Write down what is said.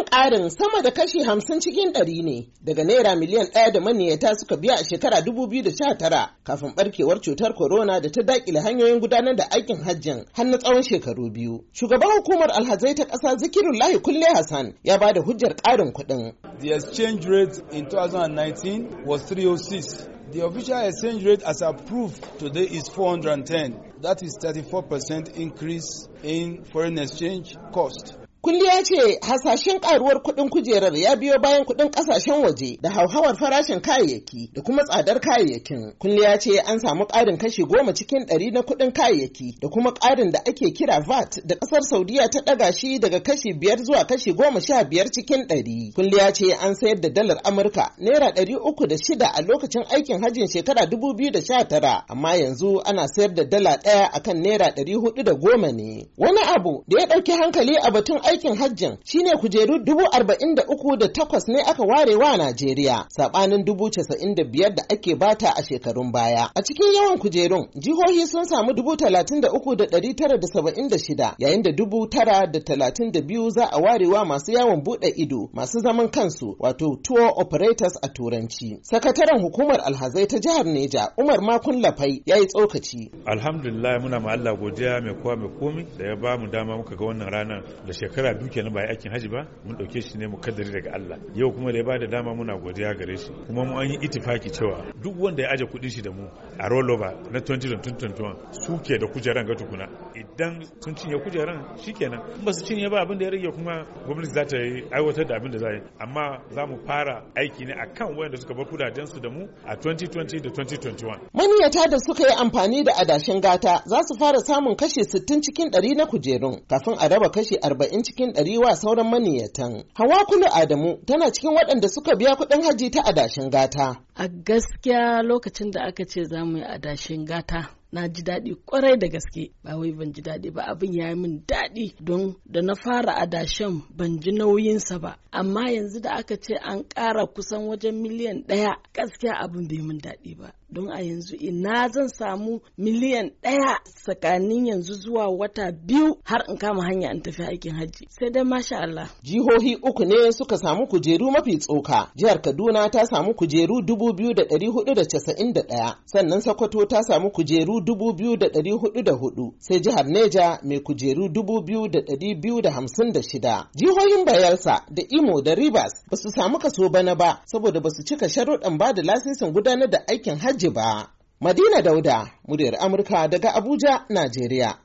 Wannan ƙarin sama da kashi hamsin cikin ɗari ne daga naira miliyan ɗaya da maniyata suka biya a shekara dubu biyu da sha tara kafin ɓarkewar cutar corona da ta daƙile hanyoyin gudanar da aikin hajjin har na tsawon shekaru biyu. Shugaban hukumar alhazai ta ƙasa Zikirullahi Kulle Hassan ya ba da hujjar ƙarin kuɗin. The exchange rate in 2019 was 306. The official exchange rate as approved today is 410. That is 34% increase in foreign exchange cost. Kulli ya ce hasashen karuwar kuɗin kujerar ya biyo bayan kuɗin ƙasashen waje da hauhawar farashin kayayyaki da kuma tsadar kayayyakin. Kulli ya ce an samu ƙarin kashi goma cikin ɗari na kuɗin kayayyaki da kuma ƙarin da ake kira VAT da ƙasar Saudiya ta ɗaga shi daga kashi biyar zuwa kashi goma sha biyar cikin ɗari. Kulli ya ce an sayar da dalar Amurka naira ɗari uku da shida a lokacin aikin hajjin shekara dubu biyu da sha tara amma yanzu ana sayar da dala ɗaya akan naira ɗari hudu da goma ne. Wani abu da ya ɗauki hankali a batun aikin hajjin shine kujeru dubu arba'in da uku da takwas ne aka ware wa Najeriya saɓanin dubu casa'in da biyar da ake bata a shekarun baya. A cikin yawan kujerun jihohi sun samu dubu talatin da uku da ɗari tara da saba'in da shida yayin da dubu tara da talatin da biyu za a ware wa masu yawon buɗe ido masu zaman kansu wato tour operators a turanci. Sakataren hukumar alhazai ta jihar Neja Umar Makun Lafai ya yi tsokaci. Alhamdulillah muna ma Allah godiya mai kowa mai komi da ya ba mu dama muka ga wannan ranar da shekara shekara biyu kenan ba aikin haji ba mun dauke shi ne mukaddari daga Allah yau kuma da ya bada dama muna godiya gare shi kuma mu an yi itifaki cewa duk wanda ya aje kuɗi shi da mu a rollover na 2021 suke da kujeran ga tukuna idan sun cinye kujeran shikenan in ba su cinye ba abin da ya rage kuma gwamnati za ta yi aiwatar da abin da za yi amma za mu fara aiki ne akan wayanda suka bar kudaden su da mu a 2020 da 2021 maniyata da suka yi amfani da adashin gata za su fara samun kashi 60 cikin 100 na kujerun kafin a raba kashi 40 cikin ɗari wa sauran maniyatan. Hawa Kulu Adamu tana cikin waɗanda suka biya kuɗin haji ta adashin gata. A gaskiya lokacin da aka ce za mu yi adashin gata. na ji daɗi kwarai da gaske ba wai ban ji daɗi ba abin ya yi min daɗi don da na fara adashen ban ji nauyinsa ba amma yanzu da aka ce an ƙara kusan wajen miliyan ɗaya gaskiya abin bai min daɗi ba don a yanzu ina zan samu miliyan ɗaya tsakanin yanzu zuwa wata biyu har in kama hanya in tafi aikin hajji sai dai masha Allah. Jihohi uku ne suka samu kujeru mafi tsoka. Jihar Kaduna ta samu kujeru dubu biyu da ɗari hudu da casa'in da ɗaya sannan Sokoto ta samu kujeru dubu biyu da ɗari hudu da hudu sai jihar Neja mai kujeru dubu biyu da ɗari biyu da hamsin da shida. Jihohin Bayelsa da Imo da Rivers ba su samu kaso bana ba saboda ba su cika sharuɗan ba da lasisin gudanar da aikin hajji Alhaji ba. Madina Dauda, muryar Amurka daga Abuja, Najeriya.